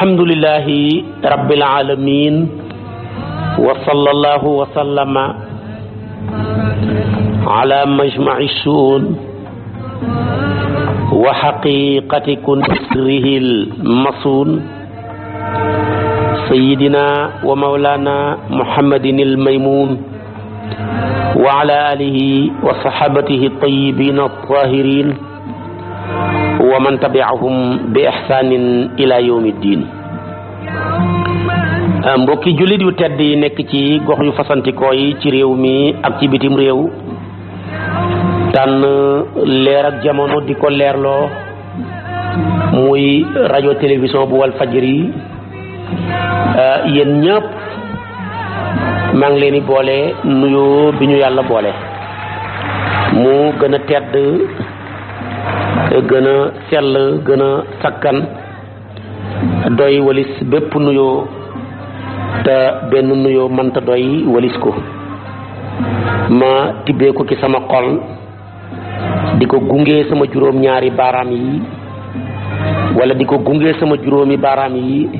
alhamdulillahi rabbil alamin wa sallallahu wa sallama ala majmaci suun wa xaqiqati kun sirrihil masuun sayyidina wa mawlana muhammadin il maymuun wa ala alihi wa saxaabatihi tayyibina tahirin wa man tabi'ahum bi ihsanin ila yawmi ddin Euh, mbokki jullit yu tedd yi nekk ci gox yu fasantikoo yi ci réew mi ak ci bitim réew tànn leer ak jamono di ko leerloo muy rajo télévision bu wal fajri euh, yéen ñëpp maa ngi leen di boole nuyoo bi ñu yàlla boole mu gën a tedd gën a sell gën a sakkan doy walis bépp nuyoo te benn nuyoo mënta doy walis ko ma tibbee ko ci sama xol di ko gunge sama juróom ñaari baaraam yi wala di ko gunge sama juróomi baaraam yi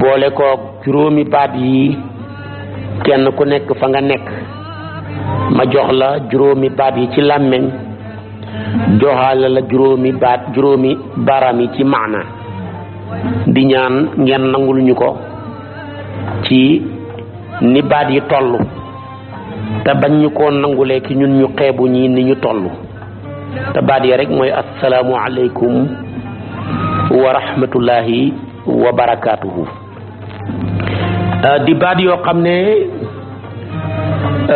boole ko juróomi baat yi kenn ku nekk fa nga nekk ma jox la juróomi baat yi ci làmmiñ joxale la juróomi baat juróomi baaraam yi ci maana di ñaan ngeen nangul ñu ko ci ni baat yi toll te bañ ñu koo nangulee ki ñun ñu xeebu ñi ni ñu toll te baat yi rek mooy asalaamu aleykum wa rahmatullahi wa barakaatuhu euh, di baat yoo xam ne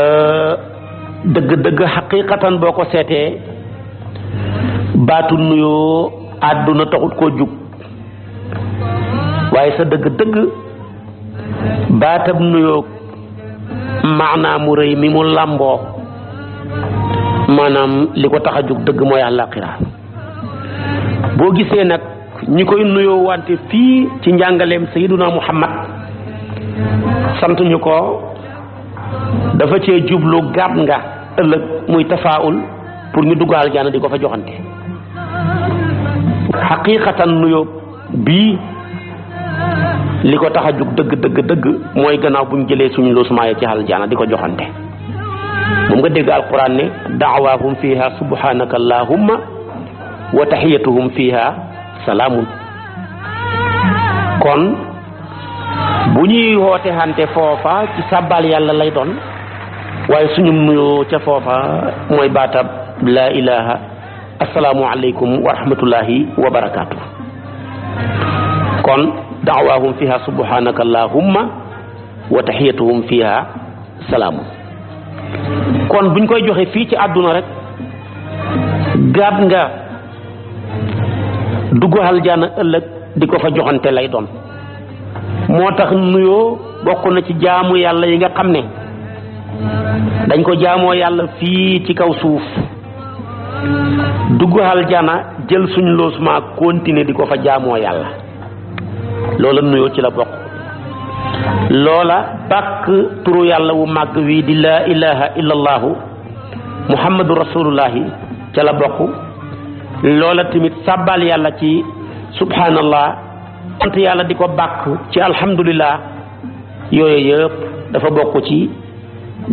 euh, dëgg-dëgg xaqiqatan boo ko seetee baatu nuyoo àdduna taxut koo jug waaye sa dëgg-dëgg baatab nuyoo maanaa mu rëy mi mu làmboo maanaam li ko tax a jug dëgg mooy àllaaxira boo gisee nag ñi koy nuyoo wante fii ci njàngaleem sayyiduna muhammad sant ñu ko dafa cee jublu gàtt nga ëllëg muy tafaawul pour ñu dugg aljaana di ko fa joxante xaqiiqatan nuyoo bii li ko tax a jug dëgg dëgg dëgg mooy ganaaw bu jëlee suñu loosmaa yi ci aljana di ko joxante moom nga dégg alquran ne daawaahum fiha subhanaka wa taxiyatuhum fiha salaamun kon bu ñuy woote xante foofa ci sàbbal yàlla lay doon waaye suñu nuyoo ca foofa mooy baatab laa ilaha asalaamu aleykum wa wa barakaatu kon da'waahum fiha subhanaka allahumma wa taxiyatuhum salaamu kon buñ koy joxe fii ci àdduna rek gaab nga dugg aljaana ëllëg di ko fa joxante lay doon moo tax nuyoo bokk na ci jaamu yàlla yi nga xam ne dañ ko jaamoo yàlla fii ci kaw suuf dugg aljana jël suñ loosement continuer di ko fa jaamoo yàlla loola nuyoo ci la bokk loola bàkk turu yàlla wu màgg wi di laa ilaha illa muhammadu rasulullahi ca la bokk loola tamit sàbbal yàlla ci subhanallah sant yàlla di ko bàkk ci alhamdulillah yooyu yëpp dafa bokk ci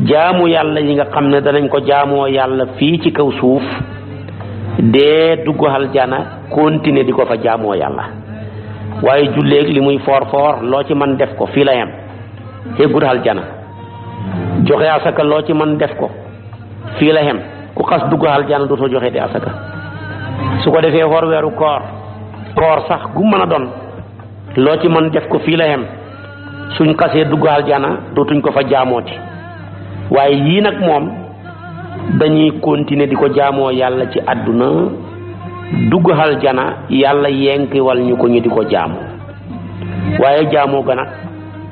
jaamu yàlla yi nga xam ne danañ ko jaamoo yàlla fii ci kaw suuf dee dugg aljana continuer di ko fa jaamoo yàlla waaye julleeg li muy foor foor loo ci man def ko fii la yem xéggul aljana joxe asaka loo ci man def ko fii la yem ku xas dugg aljana dootoo joxe di asaka su ko defee woor weeru koor koor sax gu mën a doon loo ci man def ko fii suñ xasee dugg aljana dootuñ ko fa jaamooti waaye yii nag moom dañuy continuer di ko jaamoo yàlla ci àdduna dugg aljana yàlla yenkiwal ñu ko ñu di ko jaamu waaye jaamoo ga nag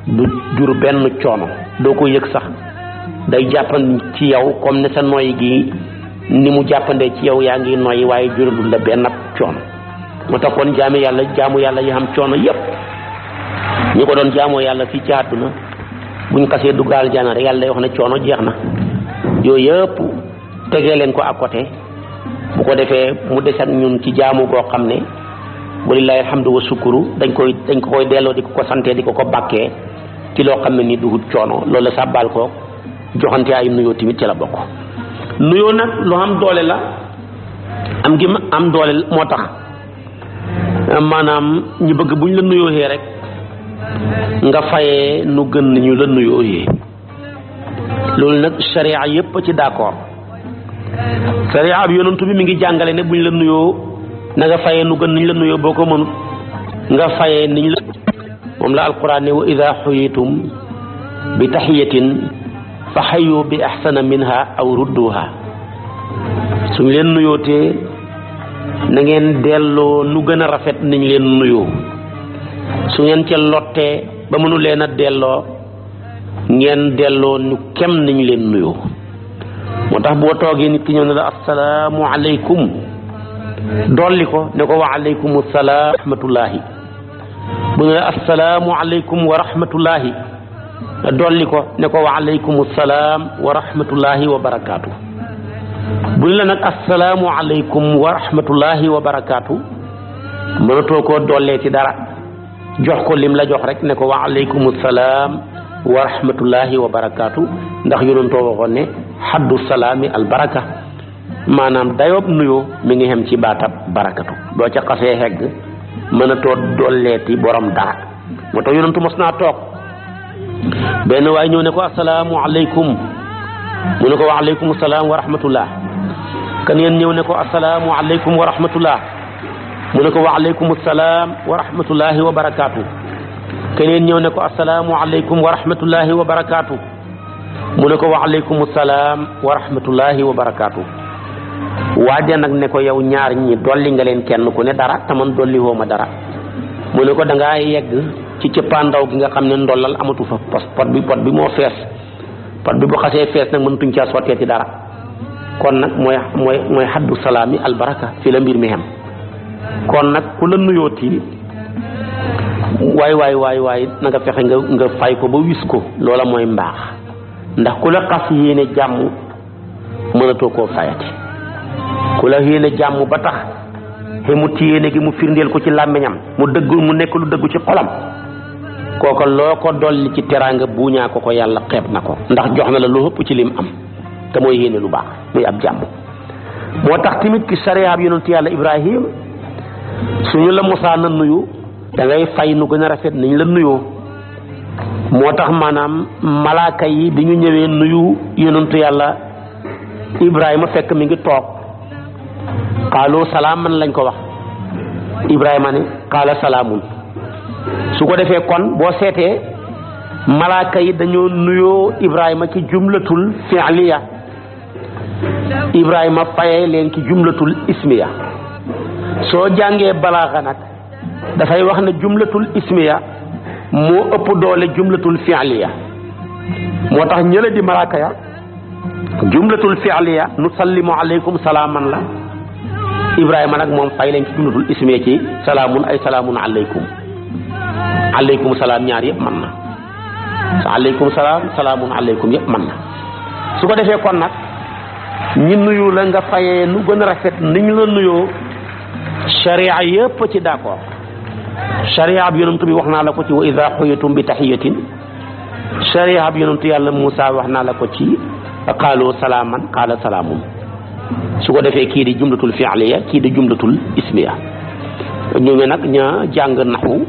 du jur benn coono doo ko yëg sax day jàppandi ci yow comme ne sa noy gi ni mu jàppandee ci yow yaa ngi noyyi waaye jurul la benn coono moo tax kon jaami yàlla jaamu yàlla yi xam coono yépp ñi ko doon jaamoo yàlla fii ci àdduna buñ xasee dugg aljana rek yàlla day wax ne coono jeex na yooyu yëpp tegee leen ko à côté bu ko defee mu desat ñun ci jaamu boo xam ne walilahi alhamdu wa sukuru dañ koy dañ ko koy delloo di ko ko santee di ko ko bàkkee ci loo xam ne ni duhut coono loolu la sàbbaal ko joxante ay nuyoo tamit ci la bokk nuyoo nag lu xam doole la am gi am doole moo tax maanaam ñu bëgg buñ la nuyooyee rek nga fayee nu gën ñu la nuyoo nuyooyee loolu nag sharia yépp ci d'accord sariya bi yonantu bi mi ngi jàngale ne buñ la nuyoo na nga fayee nu gën niñ la nuyoo boo ko mënut nga fayee niñ la moom la alquran ne wa ida xuyitum bi taxiyatin fa xayu bi axsana minha aw rudduha suñ leen nuyootee na ngeen delloo nu gën a rafet niñ leen nuyoo su ngeen ca lottee ba mënu leen a delloo ngeen delloo ñu kem niñ leen nuyoo moo tax boo toogee nit ki ñëw ne la assalaamu aleykum dolli ko ne ko wa aleykum salaam wa rahmatullahi wa rahmatullahi dolli ko ne ko wa aleykum salaam wa rahmatullahi wa barakaatu bu ne la nag assalaamu aleykum wa rahmatullahi wa barakaatu mënatoo koo dollee ci dara jox ko lim la jox rek ne ko wa aleykum salaam wa rahmatullahi wa barakaatu ndax yonentoo waxoon ne xaddu salaami albaraka maanaam dayoob nuyoo mi ngi xem ci baatab barakatu doo ca xasee hegg mën a too dolleeti borom dara moo tax yonentu mos naa toog benn waaye ñëw ne ko asalaamu aleykum mu ne ko wa aleykum salaam wa rahmatullah kan yéen ñëw ne ko asalaamu aleykum wa rahmatullah mu ne ko wa aleykum salaam wa rahmatullahi wa barakaatu ñëw ne ko asalaamu aleykum wa rahmatullahi wa barakaatu mu ne ko waaleykum salaam wa rahmatullahi wa barakaatu waaja nag ne ko yow ñaar ñi dolli nga leen kenn ku ne dara te man dolli woo ma dara mu ne ko da ngaa yegg ci cëppaandaw gi nga xam ne ndollal amatu fa parce que pot bi pot bi moo fees pot bi bu xasee fees nag mënatuñ caa sotteeti dara kon nag mooy mooy mooy xaddu salaam yi albaraka fi la mbir mi xam kon nag ku la nuyooti waay waay waaye waay na nga fexe nga nga fay ko ba wis ko loola mooy mbaax ndax ku la xas yéene jàmm mënatoo koo fayati ku la yéene jàmm ba tax te mu yéene gi mu firndeel ko ci làmmiñam mu dëggu mu nekk lu dëggu ci xolam kooka loo ko dolli ci teraanga buuñaa ko ko yàlla xeeb na ko ndax jox na la lu ëpp ci lim am te mooy yéene lu baax muy ab jàmm moo tax tamit ki sariyaab yonent yàlla Ibrahim suñu la mosaa na nuyu da ngay fay nu gën a rafet niñ la nuyoo moo tax maanaam malaaka yi bi ñu ñëwee nuyu yonantu yàlla ibrahima fekk mi ngi toog xaalu man lañ ko wax ibrahima ne xaala salaamun su ko defee kon boo seetee malaaka yi dañoo nuyoo ibrahima ci jumlatul fi'liya ibrahima fayee leen ci jumlatul ismiya soo jàngee balaaxa nag dafay wax ne jumlatul ismiya moo ëpp doole jumlatul fi'liya moo tax ñële di malaaka ya jumlatul fi'liya nu sallimu aleykum salaaman la ibrahima nag moom fay lañ ci jumlatul ismee ci salaamun ay salaamun aleykum aleykum salaam ñaar yëpp mën na aleykum yëpp mën na su ko defee kon nag ñi nuyu la nga fayee nu gën a rafet ni ñu la nuyoo sharia yëpp ci d'accord shari'a bi yonent bi wax naa la ko ci wa ida xuyitum bi taxiyatin shari'a bi yonent yàlla Moussa wax naa la ko ci qaalu salaaman qaala salaamun su ko defee kii di jumlatul fi'liya kii di jumlatul ismiya ñu nag ña jàng naxu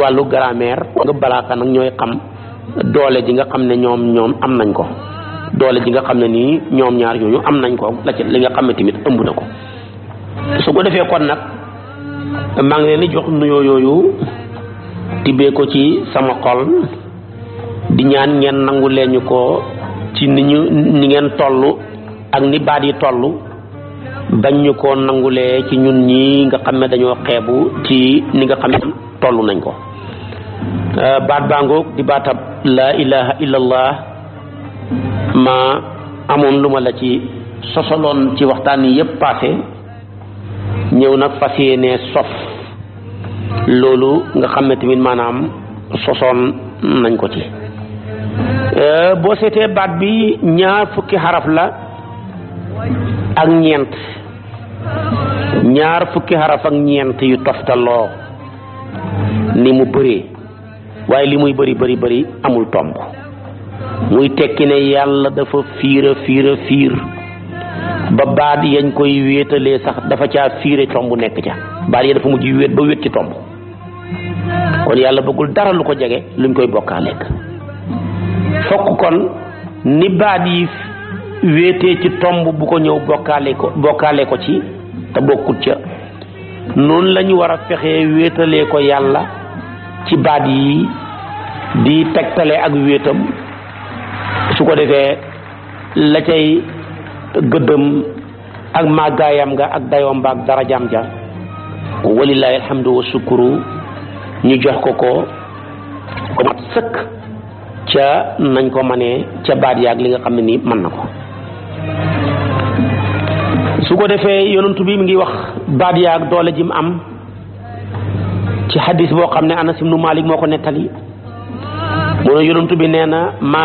wàllu grammaire nga balaaka nag ñooy xam doole ji nga xam ne ñoom ñoom am nañ ko doole ji nga xam ne nii ñoom ñaar yooyu am nañ ko li nga xam ne tamit ko su ko defee kon nag maa ngi leen di jox nuyoo yooyu tibbee ko ci sama xol di ñaan ngeen nangu leen ko ci ni ñu ni ngeen tollu ak ni baat yi tollu bañ ñu ko nangulee ci ñun ñi nga xam ne dañoo xeebu ci ni nga xam ne tollu nañ ko euh, baat baa ngoog di baatab laa ilaha illallah ma amoon lu ma la ci sosoloon ci waxtaan yi yëpp paase ñëw nag fas yéenee sof loolu nga xam ne tamit maanaam sosoon nañ ko ci euh, boo seetee baat bi ñaar fukki xaraf la ak ñeent ñaar fukki xaraf ak ñeent yu toftaloo ni mu bëree waaye li muy bari bari bari amul tomb muy tekki ne yàlla dafa fiira fiira fiir ba baat yañ koy wéetalee sax dafa caa fiire tomb nekk ca baat ya dafa mujj wéet ba wéet ci tomb kon yàlla bëggul dara lu ko jege luñ koy bokkaa lekk fokk kon ni baat yi wéetee ci tomb bu ko ñëw bokkaale ko ci te bokkut ca noonu lañu war a fexee wéetalee ko yàlla ci baat yi di tegtale ak wéetam su ko defee la cay gëddëm ak màggaayam nga ak dayoom ba ak darajaam ja walillaahi alhamdu wa sukuru ñu jox ko ko ko mat sëkk ca nañ ko manee ca baat yaag li nga xam ne nii mën na ko su ko defee yonantu bi mu ngi wax baat yaag doole ji mu am ci xadis boo xam ne Anas ibnu Malik moo ko nettali mu ne yonantu bi nee na ma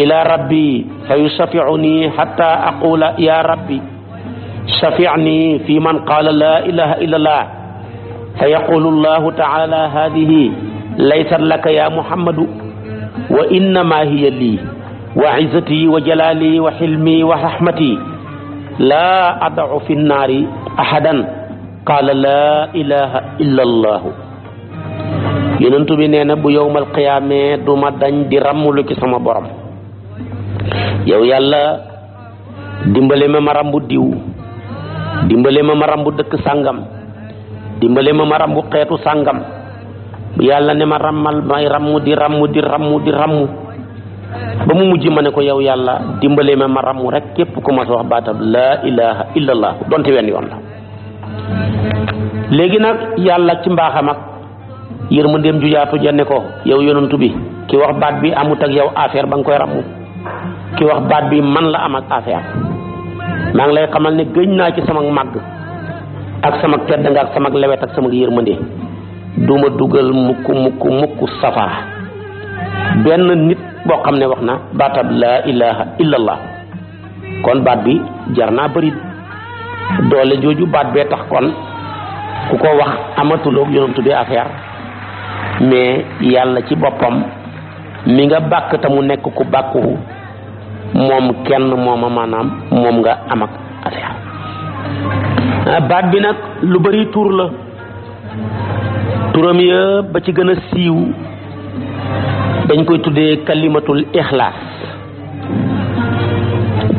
ila rabbi fa yusafiuni xata aqula ya rabbi safi'ni fi man qaala la ilaha illa allah fa yaqulu llahu taala hadihi laysat laka ya muhammadu wa innama hiya lii wa izzati wa jalali wa xilmi wa rahmati la adau fi nnaari ahadan qaala la ilaha illa allahu yonentu bi nee na bu yowmal qiyaamee du ma dañ di ràmmulu ci sama borom yow yàlla dimbale ma ma rambu diw dimbale ma ma rambu dëkk sàngam dimbale ma ma rambu xeetu sàngam yàlla ne ma rammal may rammu di rammu di rammu di rammu ba mu mujj ma ne ko yow yàlla dimbale ma ma rammu rek képp ku ma sa wax baatab laa ilaha illallah donte wenn yoon la léegi nag yàlla ci mbaaxam ak yërmandeem ju yaatu jenne ko yow yonantu bi ki wax baat bi amut ak yow affaire ba nga koy ràmmu ki wax baat bi man la am ak affaire maa ngi lay xamal ne gëñ naa ci sama màgg ak sama tedd nga ak sama lewet ak sama yërmande duma dugal mukk mukk mukk safara benn nit boo xam ne wax na baatab laa ilaha illallah kon baat bi jar naa bari doole jooju baat bee tax kon ku ko wax amatuloog yonantu bi affaire mais yàlla ci boppam mi nga bàkk te mu nekk ku bàkkuwu moom kenn mooma maanaam moom nga am ak affaire ah, baat bi nag lu bari tour la turam ba ci gën a siiw dañ koy tuddee kalimatul ixlaas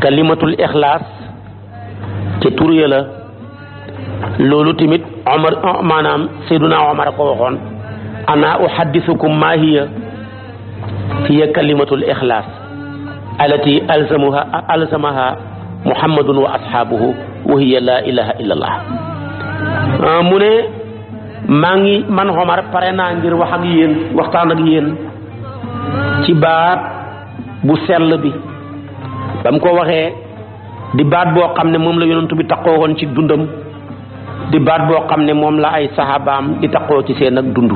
kalimatul ixlaas ci tur ya la loolu tamit maanaam seyduna omar a waxoon ana uhaddisukum ma hiya hiya kalimatul ixlaas allati alzamuha alzamaha wa ashaabuhu wa hiya la ilaha illa allah ah, mu ne maa ngi man Omar pare naa ngir wax ak yéen waxtaan ak yéen ci baat bu sell bi ba mu ko waxee di baat boo xam ne moom la yonent bi takkoo woon ci dundam di baat boo xam ne moom la ay sahabaam di takkoo ci seen ak dund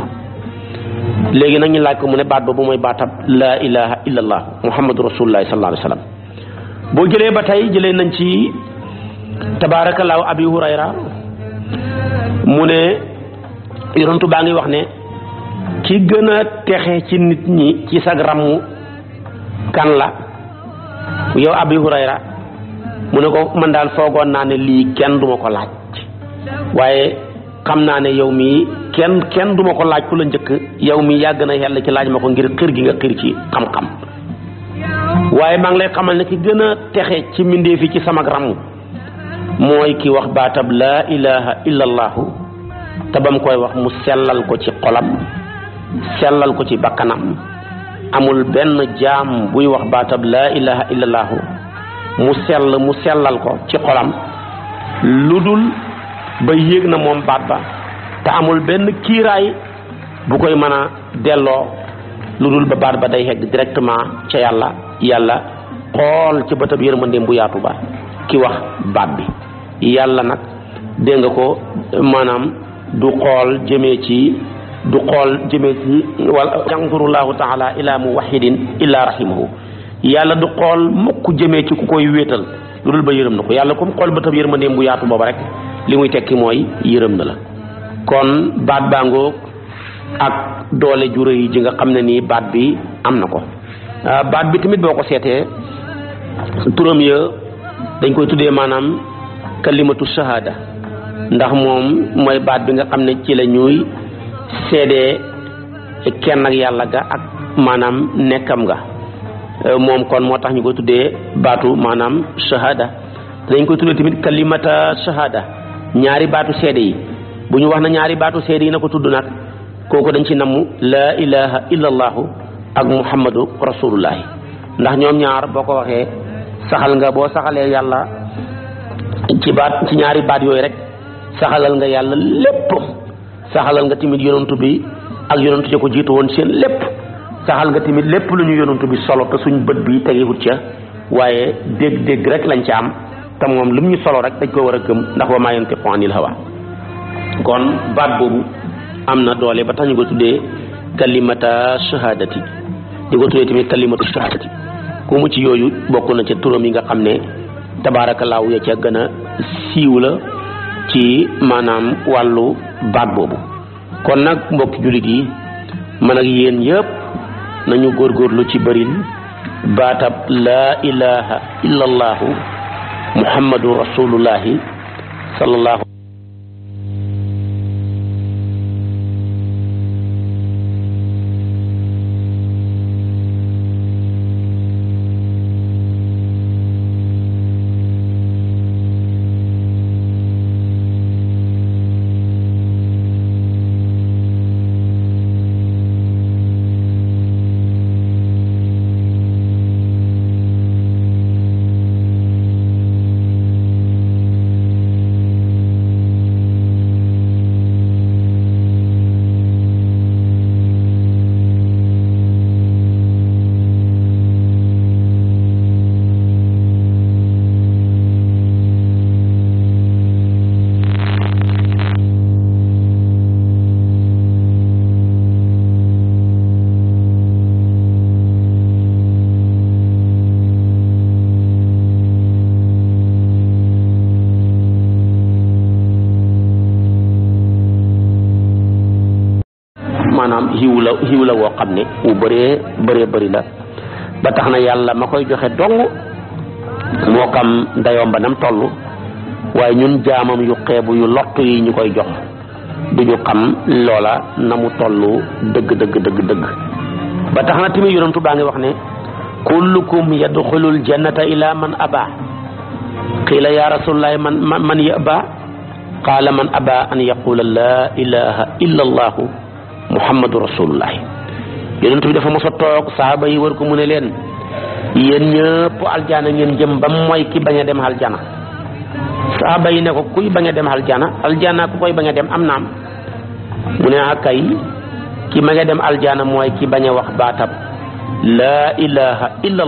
léegi nag ñu laaj ko mu ne baat boobu mooy baatab laa ilaha illallah muhammadu rasulullahi sallallahu alayhi wa boo jëlee ba tey jëlee nañ ci tabaarakallaahu abi hurayra mu ne yonentu baa ngi wax ne ki gën a ci nit ñi ci sag kan la yow abi hurayra mu ne ko man daal foogoon naa ne lii kenn duma ko laaj waaye xam naa ne yow mii kenn kenn du ma ko laaj ku la njëkk yow mii yàgg na yàlla ci laaj ma ko ngir xir gi nga xir ci xam-xam waaye maa ngi lay xamal ne ki gën a texe ci mbindéef yi ci sama ramu mooy ki wax baatab laa ilaha illallahu te ba koy wax mu sellal ko ci xolam sellal ko ci bakkanam amul benn jaam buy wax baatab laa ilaha illallahu mu sell mu sellal ko ci xolam lu dul ba yéeg na moom baat ba te amul benn kiiraay bu koy mën a delloo lu dul ba baat ba day xegg directement ca yàlla yàlla xool ci bëtab yërmandeem bu yaatu ba ki wax baat bi yàlla nag dégg nga ko maanaam du xool jëmee ci du xool jëmee ci wala yanzuru llahu taala ila muwahidin illa rahimahu yàlla du xool mukk jëmee ci ku koy wéetal lu dul ba yërëm na ko yàlla comme xool bëtab yërmandeem bu yaatu booba rek li muy tekki mooy yërëm na la kon baat baa ngoog ak doole ju rëy ji nga xam ne nii baat bi am na ko ah, baat bi tamit boo ko seetee turam ya dañ koy tuddee maanaam kalimatu shahada ndax moom mooy baat bi nga xam ne ci la ñuy seedee kenn ak yàlla ga ak maanaam nekkam ga eh, moom kon moo tax ñu koy tuddee baatu maanaam shahada dañ koy tuddee tamit kalimata shahada ñaari baatu seede yi bu ñu wax na ñaari baatu seede yi na ko tudd nag kooku dañ ci namm laa ilaha illa allahu ak muhammadu rasulullahi ndax ñoom ñaar boo ko waxee saxal nga boo saxalee yàlla ci baat ci ñaari baat yooyu rek saxalal nga yàlla lépp saxalal nga tamit yonantu bi ak yonantu ci ko jiitu woon seen lépp saxal nga tamit lépp lu ñu yonantu bi solo te suñ bët bi tegewut ca waaye dégg-dégg rek lañ ca am te moom li mu ñu solo rek dañ ko war a gëm ndax wa maa yantiqu anil hawa kon baat boobu am na doole ba tax ñu ko tuddee kalimata shahadati di ko tuddee tamit kalimatu shahadati ku mu ci yooyu bokk na ca turam yi nga xam ne tabaarakallaahu ya ca gën a siiw la ci maanaam wàllu baat boobu kon nag mbokki jullit yi man ak yéen yëpp nañu góorgóorlu ci bëril baatab laa ilaha illa allahu muhammadu rasulullahi sallallahu xiw la woo xam ne wu bëree bëree bëri la ba tax na yàlla ma koy joxe dong moo xam dayoom ba nam toll waaye ñun jaamam yu xeebu yu lott yi ñu koy jox du ñu xam loola na mu toll dëgg dëgg dëgg dëgg ba tax na tamit yonantu baa ngi wax ne kullukum yadxulul jannata ila man aba qiila ya rasulullahi man man yaba qaala man aba an yaqula la ilaha illa muhammadu rasulullah yonent bi dafa mos a toog saaba ko mu ne leen yéen ñëpp aljana ngeen jëm ba mooy ki bañ a dem aljana saaba yi ne ko kuy bañ a dem aljana aljana ku koy bañ a dem am naam mu ne ah kay ki ma nga dem aljana mooy ki bañ a wax baatab laa ilaha illa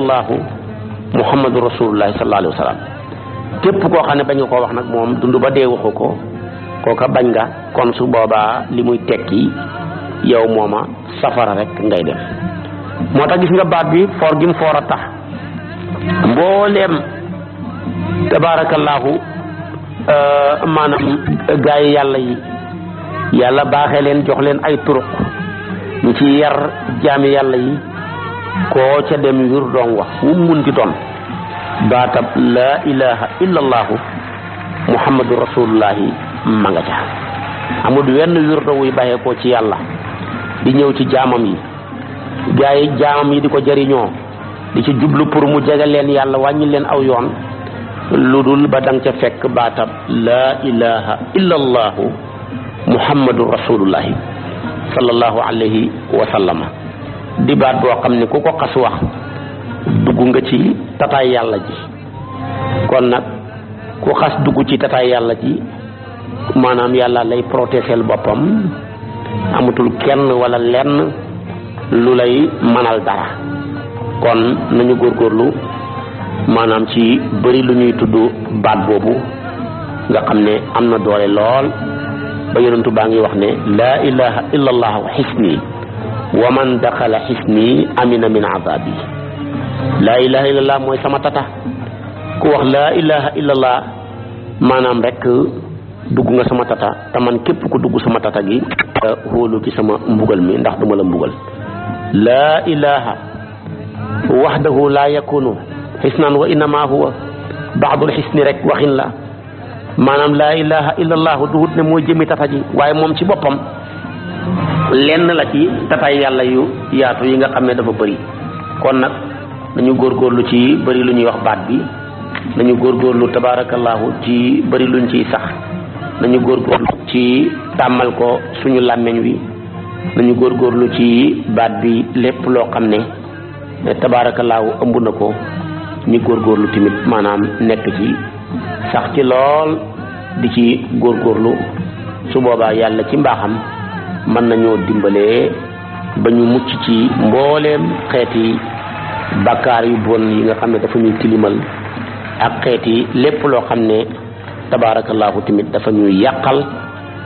muhammadu rasulullahi sallallahu alayhi wa sallam képp koo xam ne bañ nga koo wax nag moom dund ba dee waxu ko kooka bañ nga kon su boobaa li muy tekki yow mooma safara rek ngay def moo tax gis nga baat bi foor gi mu foor a tax mbooleem tabaarakallaahu euh, maanaam gaa yi yàlla yi yàlla baaxee leen jox leen ay turuq mu ci yar jaami yàlla yi koo ca dem yur doon wax wu mun di doon baatab laa ilaha illallahu muhammadu rasulullahi ma nga ca amul wenn wirdo wuy bàyyeekoo ci yàlla di ñëw ci jaamam yi gaa yi jaamam yi di ko jariñoo di ci jublu pour mu jege leen yàlla wàññi leen aw yoon lu dul ba danga ca fekk baatab laa ilaha illa allahu muhammadu rasulullahi sallallahu alayhi wa sallama di baat boo xam ne ku ko xas wax dugg nga ci tataay yàlla ji kon nag ku xas dugg ci tataay yàlla ji maanaam yàlla lay protéger boppam amatul kenn wala lenn lu lay mënal dara kon nañu góor góorlu maanaam ci bëri lu ñuy tudd baat boobu nga xam ne am na doole lool ba yonentu baa ngi wax ne laa ilaha illa allahu xisni wa man daxala xisni amina min azabi laa ilaha illa mooy sama tata ku wax laa ilaha illa allah maanaam rek dugg nga sama tata te man képp ku dugg sama tata gi a hóolu ci sama mbugal mi ndax duma la mbugal laa ilaha waxdahu laa yakunu xisnaan wa innama huwa baadul xisni rek waxin la maanaam laa ilaha illallahu duhut ne mooy jëmi tata ji waaye moom ci boppam lenn la ci tataay yàlla yu yaatu yi nga xam ne dafa bëri kon nag góor góorgóorlu ci bari lu ñuy wax baat bi dañu nañu góorgóorlu tabaarakallaahu ci bëri luñ ciy sax nañu góorgóorlu ci tàmmal ko suñu làmmiñ wi nañu góorlu ci baat bi lépp loo xam ne tabaarakallaahu ëmb na ko ñu góorgóorlu tamit maanaam nekk ci sax ci lool di ci góor góorlu su boobaa yàlla ci mbaaxam mën nañoo dimbalee ba ñu mucc ci mbooleem xeeti bakkaar yu bon yi nga xam ne dafa ñuy tilimal ak xeeti lépp loo xam ne tabaarakallaahu tamit dafa ñuy yàqal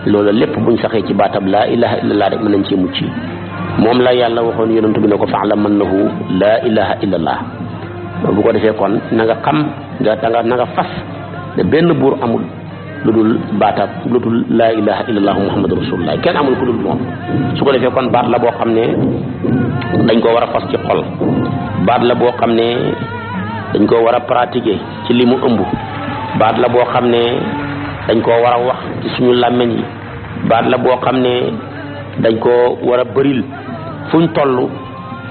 loolu lépp buñ saxee ci baatab laa ilaha illallah rek mën nañ cee mucc moom la yàlla waxoon yonent bi ne ko faalam annahu laa ilaha illallah bu ko defee kon na nga xam nga danga na nga fas ne benn buur amul lu dul baatab lu dul laa ilaha illallah muhammadu rasulullah kenn amul ku dul moom su ko defee kon baat la boo xam ne dañ koo war a fas ci xol baat la boo xam ne dañ koo war a pratiquer ci li mu ëmb baat la boo xam ne dañ koo war a wax ci suñu làmmiñ yi baat la boo xam ne dañ koo war a bëril fu ñu toll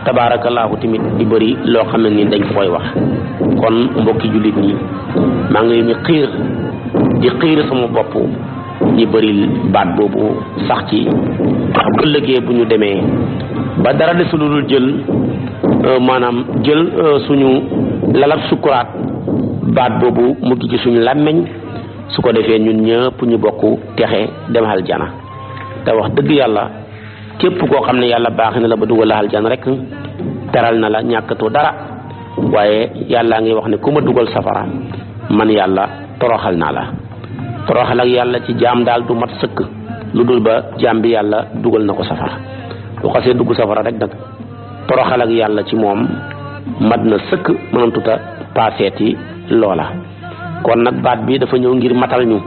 tabaarakallaahu tamit di bari loo xam ne ni dañ kooy wax kon mbokki jullit ñi maa ngi leen di xiir di xiir sama bopp ñi bëril baat boobu sax ci ndax ëllëgee bu ñu demee ba dara de lu desulul jël euh, maanaam jël euh, suñu lalab sukkuraat baat boobu mujj ci suñu làmmiñ su ko defee ñun ñëpp ñu bokk texe dem aljana te wax dëgg yàlla képp koo xam ne yàlla baax na la ba dugal la aljana rek teral na la ñàkkatoo dara waaye yàllaa ngi wax ne ku ma dugal safara man yàlla toroxal naa la toroxal ak yàlla ci jaam daal du mat sëkk lu dul ba jaam bi yàlla dugal na ko safara bu xasee dugg safara rek nag toroxal ak yàlla ci moom mat na sëkk mënatuta paaseeti loola kon nag baat bi dafa ñëw ngir matal ñu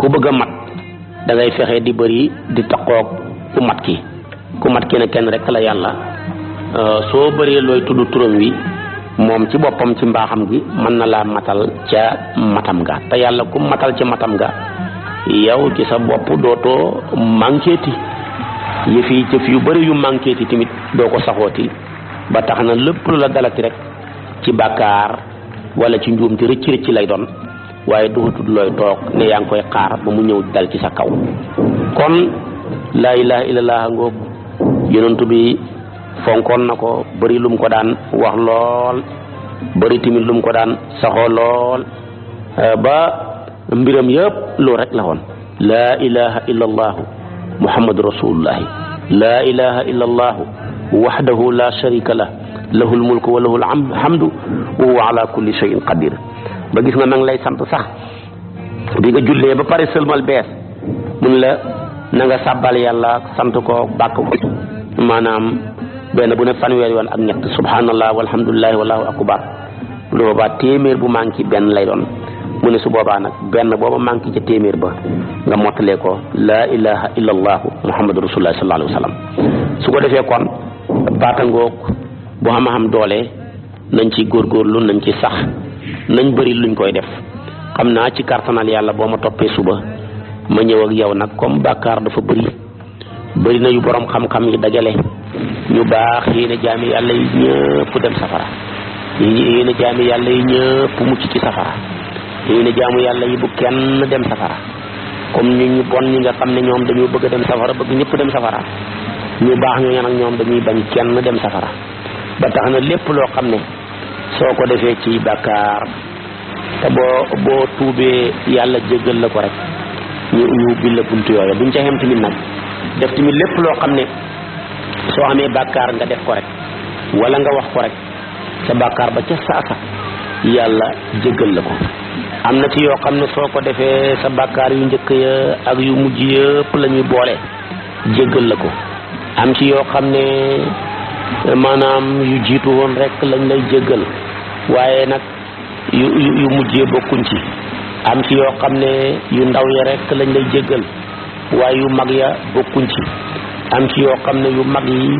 ku bëgg a mat dangay fexe di bëri di taqoog ku mat ki ku mat ki na kenn rek la yàlla euh, soo bëree looy tudd turam wi moom ci boppam ci mbaaxam gi mën na laa matal ca matam ga te yàlla ku matal ca matam ga yow ci sa bopp dootoo manquéti yëf yi yu bëri yu manquéti tamit doo ko saxooti ba tax na lépp la dalati rek ci bàkkaar wala ci njuum te rëcc rëcc lay doon waaye duxatul looy toog ne yaa ngi koy xaar ba mu ñëw dal ci sa kaw kon laa ilaha illallah ngoog yonent bi fonkoon na ko bëri lum ko daan wax lool bëri tamit lum ko daan saxoo lool eh, ba mbiram yëpp loolu rek la woon laa ilaha illallahu muhammadu rasulullahi laa ilaha illallahu wahdahu la sharika lah lahul mulku wa lahul hamdu wa huwa ala kulli shay'in qadir ba gis nga ma ngi lay sant sax bi nga jullee ba pare sëlmal bees mun la na nga sàbbal yàlla sant ko bàkk ko maanaam benn bu ne fanweer yoon ak ñett subhanallah walhamdulilah wallahu akbar bu boobaa téeméer bu manqué benn lay doon mu ne su boobaa nag benn booba manqué ca téeméer ba nga mottalee ko laa ilaha illa allahu muhammadu rasulullah sallallahu alayhi wa sallam su ko defee kon baatangoog bu xam xam doole nañ ci góorgóorlu nañ ci sax nañ bëri luñ koy def xam naa ci kartanal yàlla boo ma toppee suba ma ñëw ak yow nag comme bàkkaar dafa bëri bëri na yu borom xam-xam yi dajale ñu baax yéen jaami yàlla yi ñëpp dem safara yéen jaami yàlla yi ñëpp mucc ci safara yéen jaamu yàlla yi bu kenn dem safara comme ñu ñu bon ñi nga xam ne ñoom dañoo bëgg dem safara bëgg ñëpp dem safara ñu baax ñoo ñan ak ñoom dañuy bañ kenn dem safara ba tax na lépp loo xam ne soo ko defee ci bàkkaar te boo boo tuubee yàlla jéggal la ko rek ñu ñu ubbi la bunt yooyu buñ ca xem nag def tamit lépp loo xam ne soo xamee bàkkaar nga def ko rek wala nga wax ko rek sa bàkkaar ba ca saasa yàlla jéggal la ko am na ci yoo xam ne soo ko defee sa bàkkaar yu njëkk ya ak yu mujj yëpp la ñuy boole jéggal la ko am ci yoo xam ne maanaam yu jiitu woon rek lañ lay jéggal waaye nag yu yu mujjee bokkuñ ci am ci yoo xam ne yu ndaw ya rek lañ lay jéggal waaye yu mag ya bokkuñ ci am ci yoo xam ne yu mag yi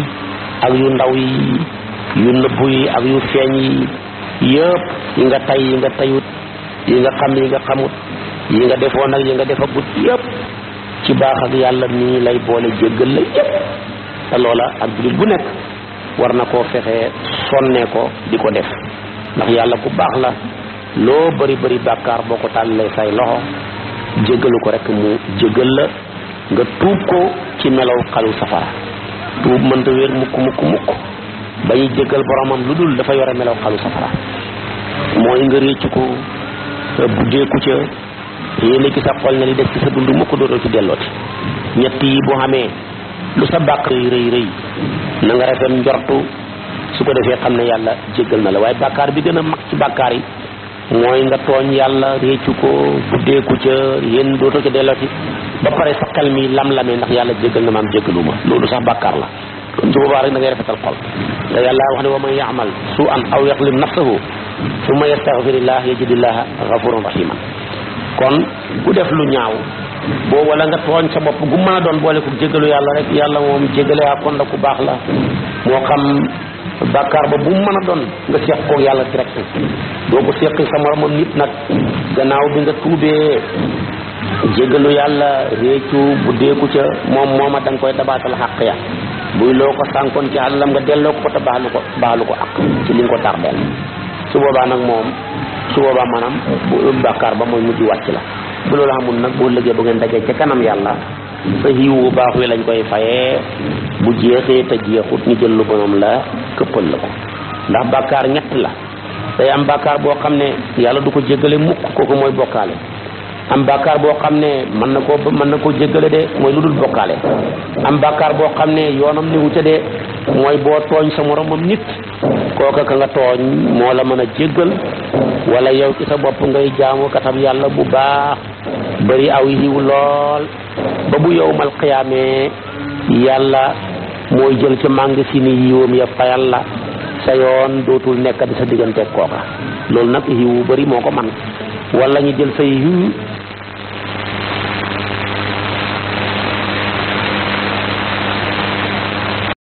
ak yu ndaw yi yu nëbbu yi ak yu feeñ yi yëpp yi nga tay yi nga tayut yi nga xam yi nga xamut yi nga defoon ak yi nga defagut yëpp ci baax ak yàlla nii lay boole jéggal la yëpp te loola ak jullit bu nekk war na koo fexe sonne ko di ko def ndax yàlla ku baax la loo bari bari bàkkaar boo ko tàllalee say loxo jéggalu ko rek mu jéggal la nga tuub ko ci melow xalu safara tuub mënta wér mukk mukk mukk bay jéggal boromam lu dul dafa yore melaw xalu safara mooy nga réccu ko buddeeku ca yéene ci sa xol ne li des ci sa dund mukk dootoo ci dellooti ñett yi boo xamee lu sa bàkk rëy rëy rëy na nga rafet njortu su ko defee xam ne yàlla jéggal na la waaye bàkkaar bi gën a mag ci bàkkaar yi mooy nga tooñ yàlla réccu ko buddeeku ca yéen dootoo ca dellooti ba pare sa xel mi lam-lamee ndax yàlla jéggal na maam jéggalu ma loolu sax bàkkaar la kon su boobaa rek da ngay rafetal xol te yàlla wax ne wa man yaamal su an aw yaxlim nafsahu summa yastaxfirillah yajidillaha gafuran rahima kon ku def lu ñaaw boo wala nga tooñ sa bopp gu mën a doon boole ko jégalu yàlla rek yàlla moom jégale yaa kon la ku baax la moo xam bàkkaar ba bu mu mën a doon nga seq koog yàlla direct boo ko seqi sama moromam nit nag gannaaw bi nga tuubee jégalu yàlla réccu bu deeku ca moom mooma da nga koy dabaatal xàq ya buy loo ko sànkoon ci àllam nga delloo ko te baalu ko baalu ko ak ci li nga ko tardeel su boobaa nag moom su boobaa maanaam bu bàkkaar ba mooy mujj wàcc la bu loolu amul nag boo lëggee bu ngeen dajee ca kanam yàlla sa yiw bu baax wi lañ koy fayee bu jeexee te jeexut ñu jël lu bonoom la këppal la ko ndax bàkkaar ñett la day am bàkkaar boo xam ne yàlla du ko jéggale mukk kooku mooy bokkaale am bàkkaar boo xam ne mën na koo mën na koo jéggale de mooy lu dul bokkaale am bàkkaar boo xam ne yoonam ni wuute de mooy boo tooñ sa moromam nit kooka ka nga tooñ moo la mën a jéggal wala yow ci sa bopp ngay jaamu katam yàlla bu baax bari aw yiw lool ba bu yowmal xiyaamee yàlla mooy jël ci màng si ni yiwam ya fayal la sa yoon dootul nekkati sa digganteeg kooka loolu nag yiw bari moo ko man wala ñu jël say yiw